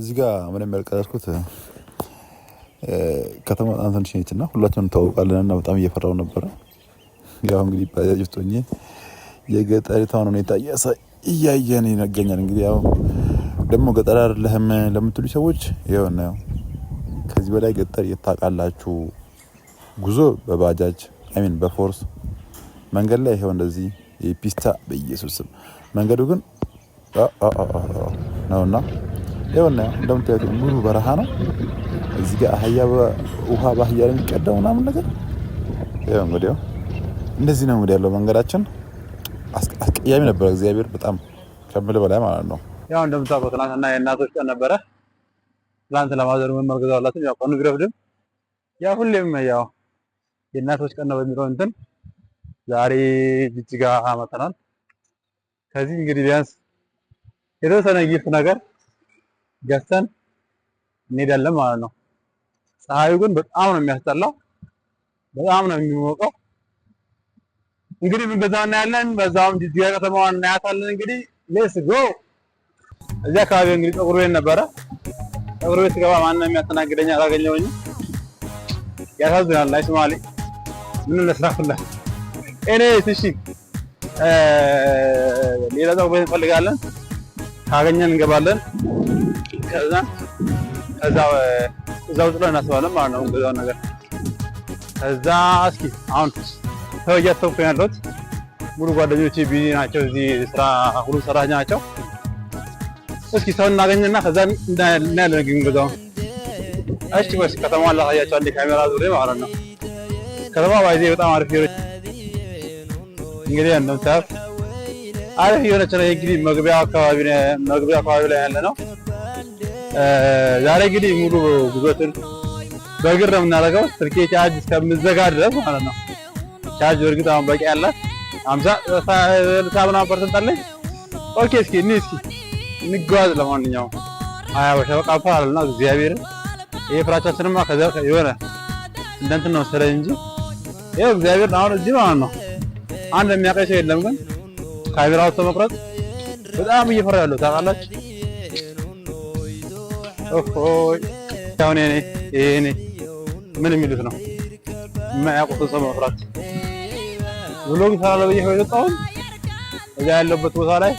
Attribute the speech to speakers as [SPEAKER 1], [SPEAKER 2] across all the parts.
[SPEAKER 1] እዚህ ጋር ምንም ያልቀረርኩት ከተማ በጣም ትንሽ ነች እና ሁላችንም እንታወቃለን እና በጣም እየፈራው ነበረ። ያው እንግዲህ ባጃጅፍቶኝ የገጠሪቷን ሁኔታ እያየን ይነገኛል። እንግዲህ ያው ደግሞ ገጠር አይደለህም ለምትሉ ሰዎች የሆነ ከዚህ በላይ ገጠር የታውቃላችሁ። ጉዞ በባጃጅ አይሚን በፎርስ መንገድ ላይ ይሄው እንደዚህ የፒስታ በኢየሱስም መንገዱ ግን ነውና ይኸውና እንደምታዩት ሙሉ በረሃ ነው። እዚህ ጋር አህያ ውሃ በአህያ ላይ የሚቀዳው ምናምን ነገር ያው እንግዲህ እንደዚህ ነው እንግዲህ ያለው መንገዳችን። አስቀያሚ ነበረ እግዚአብሔር በጣም ከምል በላይ ማለት ነው። ያው እንደምታውቀው ትናንትና የእናቶች ቀን ነበረ። ትናንት ለማዘር ምን መርገዛ አላትም። ያው ቀኑ ቢረፍድም ያው ሁሌም ያው የእናቶች ቀን ነው በሚለው እንትን ዛሬ ጅጅጋ መተናል። ከዚህ እንግዲህ ቢያንስ የተወሰነ ጊፍት ነገር ገዝተን እንሄዳለን ማለት ነው። ፀሐዩ ግን በጣም ነው የሚያስጠላው፣ በጣም ነው የሚሞቀው። እንግዲህ ምን በዛው እናያለን፣ በዛውም ጅጅጋ ከተማዋን እናያታለን። እንግዲህ ሌስ ጎ። እዚህ አካባቢ እንግዲህ ፀጉር ቤት ነበረ። ፀጉር ቤት ስገባ ነው የሚያስተናግደኝ አላገኘሁኝ። ያሳዝናል። ላይ ሶማሌ ምን ለስራ እኔ እሺ፣ ሌላ ፀጉር ቤት እንፈልጋለን፣ ካገኘን እንገባለን። ከዛ እዛው ጥሎ እናስባለን ማለት ነው። ገዛውን ነገር ከዛ እስኪ አሁን ሰው እያሰብኩ ያለሁት ሙሉ ጓደኞቼ ቢዚ ናቸው፣ እዚህ ስራ ሁሉ ሰራተኛ ናቸው። እስኪ ሰው እናገኝና ከዛ እናያለን ግን ገዛውን። እሺ በስ ከተማዋን ላሳያቸው አንዴ ካሜራ ዙሬ ማለት ነው። ከተማ ባይዜ በጣም አሪፍ የሆነች እንግዲህ እንደምታያት አሪፍ የሆነች ነው። እንግዲህ መግቢያ አካባቢ ላይ ያለ ነው ዛሬ እንግዲህ ሙሉ ጉዞትን በእግር ነው የምናደርገው። ስልኬ ቻርጅ እስከምዘጋ ድረስ ማለት ነው። ቻርጅ በእርግጥ አሁን በቂ ያላት ሀምሳ ምናምን ፐርሰንት አለኝ። ኦኬ እስኪ እኒ እስኪ እንጓዝ። ለማንኛውም አያ በሸበቃ አልና እግዚአብሔርን ይሄ ፍራቻችንማ ከዛ የሆነ እንደንትን ነው መሰለኝ እንጂ ይኸው እግዚአብሔር አሁን እዚህ ማለት ነው። አንድ የሚያቀኝ ሰው የለም ግን ካሜራውን መቁረጥ በጣም እየፈራ ያለው ታውቃላችሁ። አሁን ኔ ይኔ ምን የሚሉት ነው የማያውቁት ሰው መፍራት ብሎም ስራ ለብዬ የወጣሁት እዛ ያለበት ቦታ ላይ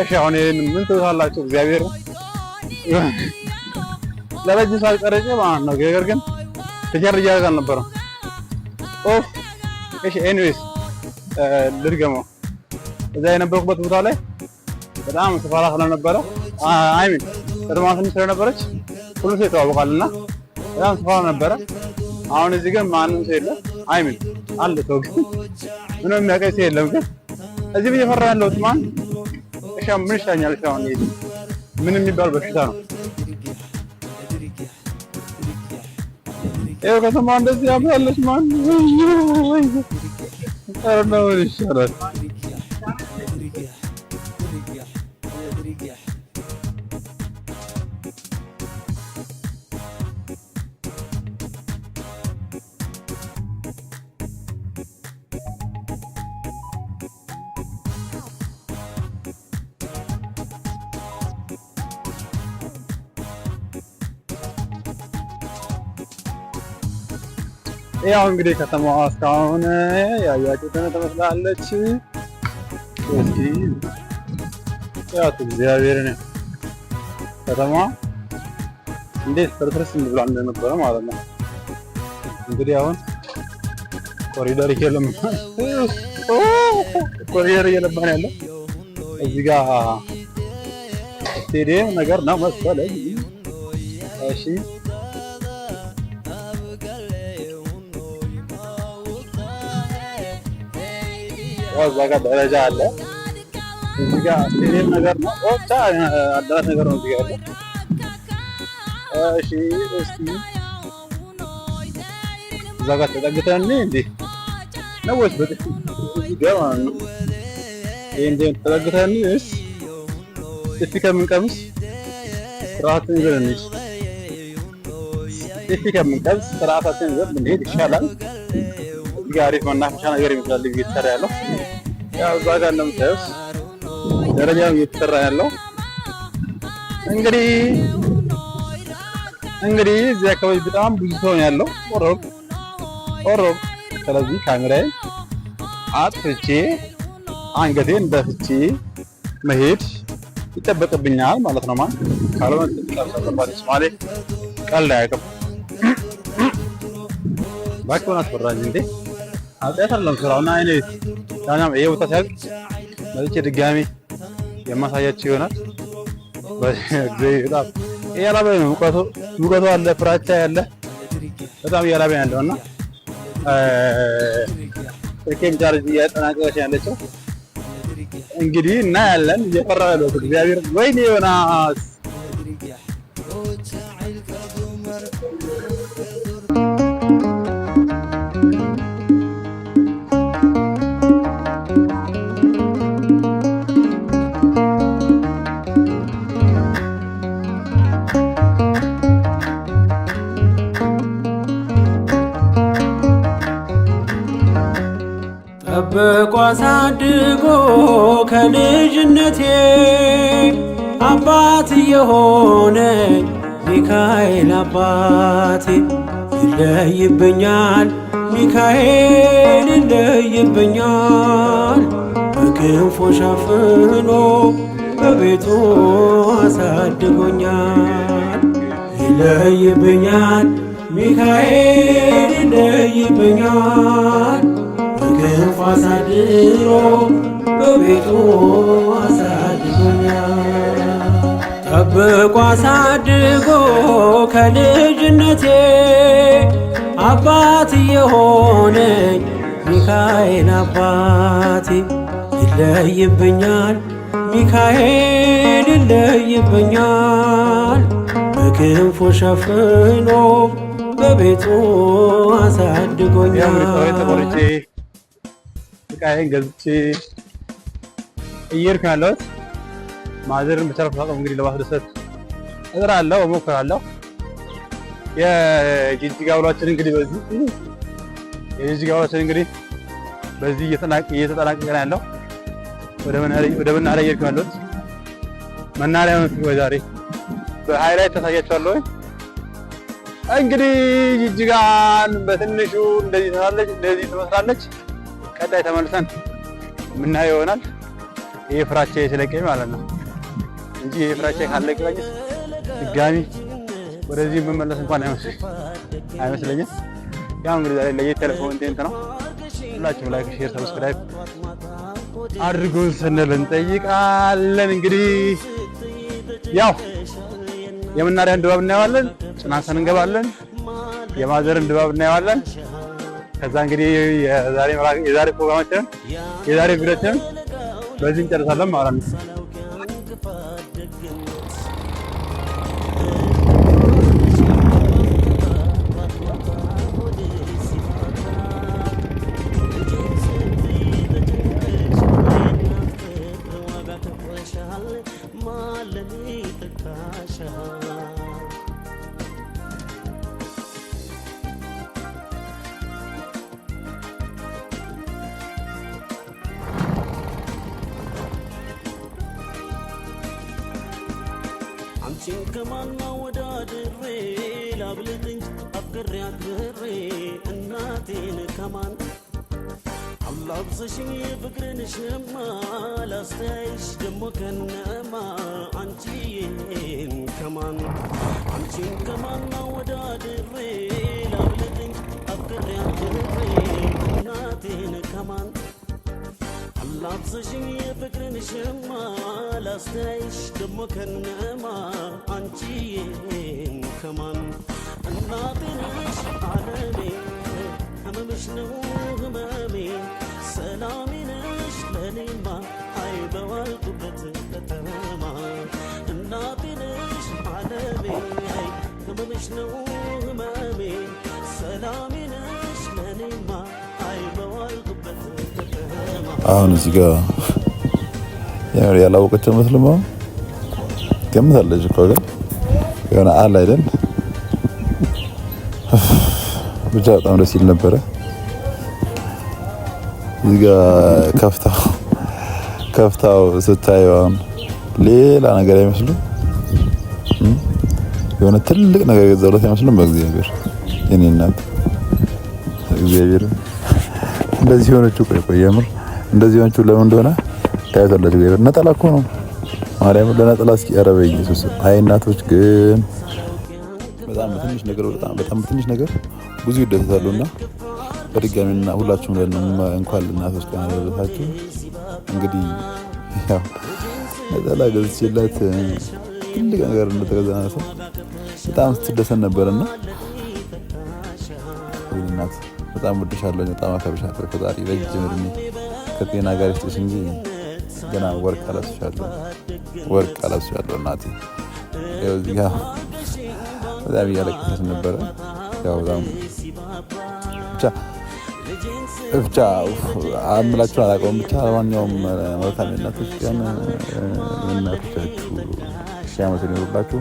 [SPEAKER 1] እሺ አሁን ይሄን ምን ትውታላችሁ? እግዚአብሔር ለረጅም ሰዓት ቀረጬ ማለት ነው። ነገር ግን ተጀር እያደረገ አልነበረም። ኦፍ እሺ ኤኒዌይስ ልድገመው። እዛ የነበርኩበት ቦታ ላይ በጣም ስፋራ ስለነበረ አይሚን ከተማ ትንሽ ስለነበረች ሁሉ ሰው ይተዋወቃል እና በጣም ስፋራ ነበረ። አሁን እዚህ ግን ማንም ሰው የለም። አይሚን አለ ሰው ግን ምንም የሚያውቀኝ ሰው የለም። ግን እዚህ ምን ፈራ ያለሁት ማን እሻ ምን ይሻኛል? እሻ አሁን ምን የሚባል በሽታ ነው። ይኸው ከተማ እንደዚህ ያምራለች። ማን ወይ ወይ ነው ይሻላል ያው እንግዲህ ከተማዋ እስካሁን ያያችሁትን ትመስላለች። እስኪ ያት እግዚአብሔርን ከተማ እንዴት ፍርስርስ እንብላ እንደነበረ ማለት ነው። እንግዲህ አሁን ኮሪደር እየለማ ኮሪደር እየለማን ያለ እዚህ ጋር ስቴዲየም ነገር ነው መሰለኝ። እሺ እዛ ጋር ደረጃ አለ። እዚህ ጋር ስቴዲየም ነገር ነው፣ ብቻ አዳራሽ ነገር ነው እዚህ ጋር ያለው። እሺ፣ እስቲ እዛ ጋር ተጠግተን እንዴ ነው ወይስ በጥፊ ገባን? ይሄን ደም ተጠግተን እስ ጥፊ ከምንቀምስ ስርዓትን ይዘን ጥፊ ከምንቀምስ ስርዓታችን ይዘን ብንሄድ ይሻላል። እዚህ አሪፍ መናፈሻ ነገር ይመስላል እየተሰራ ያለው። ያው እዛ ጋር እንደምታዩት ደረጃም እየተሰራ ያለው እንግዲህ እንግዲህ እዚህ አካባቢ በጣም ብዙ ሰው ያለው ቆረብ ቆረብ። ስለዚህ ካሜራዬን አጥፍቼ አንገቴን ደፍቼ መሄድ ይጠበቅብኛል ማለት ነው። ማለት ካልሆነ ተጠባባሪ ሶማሌ ቀልድ አያውቅም። እባክህ ሆነ አስፈራኝ እንዴ! ኃጢአት አለም ስራውና አይኔ ዳኛም ይሄ ቦታ ሲያልቅ መጥቼ ድጋሚ የማሳያቸው ይሆናል። በጣም እያላበኝ ነው። ሙቀቱ ሙቀቱ አለ፣ ፍራቻ ያለ በጣም እያላበኝ ያለው እና ስልኬም ቻርጅ እያጠናቀቀች ያለችው እንግዲህ እና ያለን እየፈራ ያለት እግዚአብሔር ወይኔ ዮናስ
[SPEAKER 2] ጠብቆ አሳድጎ ከልጅነቴ አባት የሆነ ሚካኤል አባቴ ይለይብኛል ሚካኤል ይለይብኛል በክንፎ ሸፍኖ በቤቱ አሳድጎኛል። ይለይብኛል ሚካኤል ይለይብኛል በክንፉ አሳድሮ በቤቱ አሳድጎኛል። ጠብቆ አሳድጎ
[SPEAKER 1] ከልጅነቴ አባት የሆነኝ ሚካኤል አባቴ ይለይብኛል ሚካኤል ይለይብኛል በክንፉ ሸፍኖ በቤቱ አሳድጎኛል። እቃዬን ገዝቼ እየሄድኩ ነው ያለሁት። ማዘርን በቻልኩት አቅም እንግዲህ ለማስደሰት እጥራለሁ፣ እሞክራለሁ። የጅጅጋ ውሏችን እንግዲህ በዚህ የጅጅጋ ውሏችን እንግዲህ በዚህ እየተጠናቀቀ ነው ያለው። ወደ መናኸሪያ እየሄድኩ ነው ያለሁት። መናኸሪያ ነው ዛሬ በሃይላይት ታሳያችኋለሁ። እንግዲህ ጅጅጋን በትንሹ እንደዚህ ትመስላለች። ቀጣይ ተመልሰን የምናየው ይሆናል። ይሄ ፍራቼ ስለቀኝ ማለት ነው እንጂ ይሄ ፍራቼ ካለቀኝ ድጋሚ ወደዚህ የምመለስ እንኳን አይመስል አይመስለኝም። ያው እንግዲህ ዛሬ ለየት ያለ ኮንቴንት ነው። ሁላችሁም ላይክ፣ ሼር፣ ሰብስክራይብ አድርጉን ስንል እንጠይቃለን። እንግዲህ ያው የምናሪያን ድባብ እናየዋለን። ጽናሰን እንገባለን። የማዘርን ድባብ እናየዋለን። ከዛ እንግዲህ የዛሬ ፕሮግራማችንን የዛሬ ቪዲዮችን በዚህ እንጨርሳለን ማለት ነው። ልጅ አፍቅሬ አክብሬ እናቴን ከማን አላብሰሽኝ ፍቅርን ሽማ ላስተያይሽ ደሞ ከነማ አንቺን ከማን አንቺን ከማና ወዳድሬ ላብለጥኝ አፍቅሬ አክብሬ እናቴን ከማን ላብሰሽኝ ፍቅርን ሽማ ላስተያይሽ ደሞ ከነማ አንቺን ከማን እናቴንሽ አለሜ ህመምሽ ነው ህመሜ ሰላሜንሽ ለኔማ አይ በዋልኩበት ከተማ እናቴንሽ አሁን እዚህ ጋር ያላወቀች መስልማ ገምታለች እኮ ግን የሆነ አለ አይደል ብቻ በጣም ደስ ይል ነበረ። እዚህ ጋ ከፍታው ከፍታው ስታየው ሌላ ነገር አይመስልም። የሆነ ትልቅ ነገር የገዛሁላት አይመስልም። በእግዚአብሔር የኔ እናት እግዚአብሔር እንደዚህ የሆነችው ቆይ ቆይ የምር እንደዚህ የሆነችው ለምን እንደሆነ ታያታላችሁ። እግዚአብሔር ነጠላ እኮ ነው ማርያም ለነጠላ እስኪ ኧረ በኢየሱስ አይ እናቶች ግን በጣም ትንሽ ነገር በጣም በጣም ትንሽ ነገር ብዙ ይደሰታሉ እና በድጋሚ ሁላችሁም ለን እንኳን ለእናቶች ቀን አደረሳችሁ። እንግዲህ ያው ነጠላ ገዝቼላት ትልቅ ነገር እንደተገዛ ሰው በጣም ስትደሰን ነበር እና እናት በጣም ወድሻለሁ፣ በጣም አከብሻለሁ። ፈጣሪ ረጅም እድሜ ከጤና ጋር ይስጥሽ እንጂ ገና ወርቅ አለብስሻለሁ፣ ወርቅ አለብስሻለሁ እናቴ። እዚህ ጋር በጣም እያለቀሰች ነበረ። ያው ብቻ ብቻ አምላችሁን አላውቀውም። ብቻ ለማንኛውም መልካም የእናቶች ቀን እናቶቻችሁ ሺህ ዓመት ይኖሩላችሁ።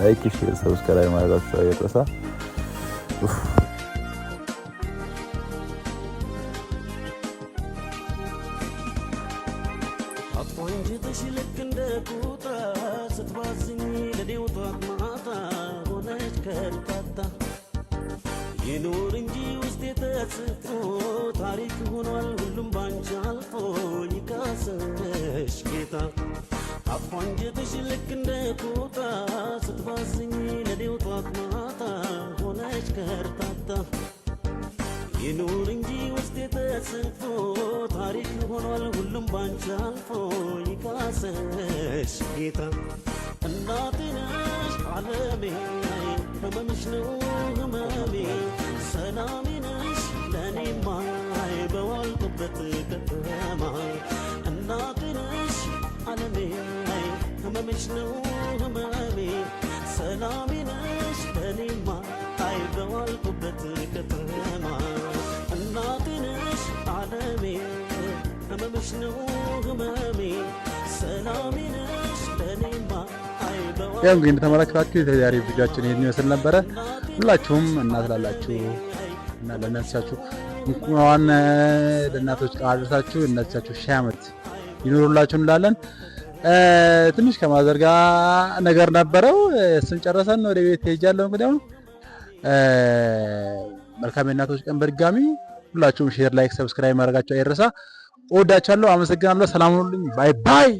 [SPEAKER 1] ላይክ ሼር ሰብስክራይብ ማድረጋችሁ አይረሳ። ተሽልክ እንደ ቁጣ ስትባዝኝ ለዴውቷ ከርታታ ይኖር እንጂ ውስጤ ተጽፎ ታሪክ ሆኗል ሁሉም ባንቺ አልፎ ይካሰሽ ጌታ አፏንጀትሽ ልክ እንደ ቁጣ ስትባዝኝ ለኔው ጧት ማታ ሆነች ከርታታ ይኑር እንጂ ውስጤ ተጽፎ ታሪክ ሆኗል ሁሉም ባንቺ አልፎ ይካሰሽ ጌታ እናቴ ነሽ በመሽነው ህመሜ ሰላሜነሽ ለኔማ በዋልኩበት ከተማ እናትነሽ አለሜ ህመምሽ ነው ህመሜ ሰላሜነሽ ለኔማ አይ በዋልኩበት ከተማ እናትነሽ አለሜ ህመምሽ ነው ህመሜ ሰላሜነሽ ያው እንግዲህ እንደተመለከታችሁ የዛሬ ቪዲዮአችን ይሄን ይመስል ነበረ። ሁላችሁም እናት ላላችሁ እና ለእናቶቻችሁ እንኳን ለእናቶች ቃል አድርሳችሁ እናቶቻችሁ ሺህ ዓመት ይኖሩላችሁ እንላለን። ትንሽ ከማዘርጋ ነገር ነበረው። እሱን ጨረሰን ወደ ቤት ሄጃለሁ። እንግዲህ አሁን መልካም የእናቶች ቀን በድጋሚ ሁላችሁም ሼር፣ ላይክ፣ ሰብስክራይብ ማድረጋችሁ አይረሳ። እወዳችኋለሁ። አመሰግናለሁ። ሰላም ሁኑልኝ። ባይ ባይ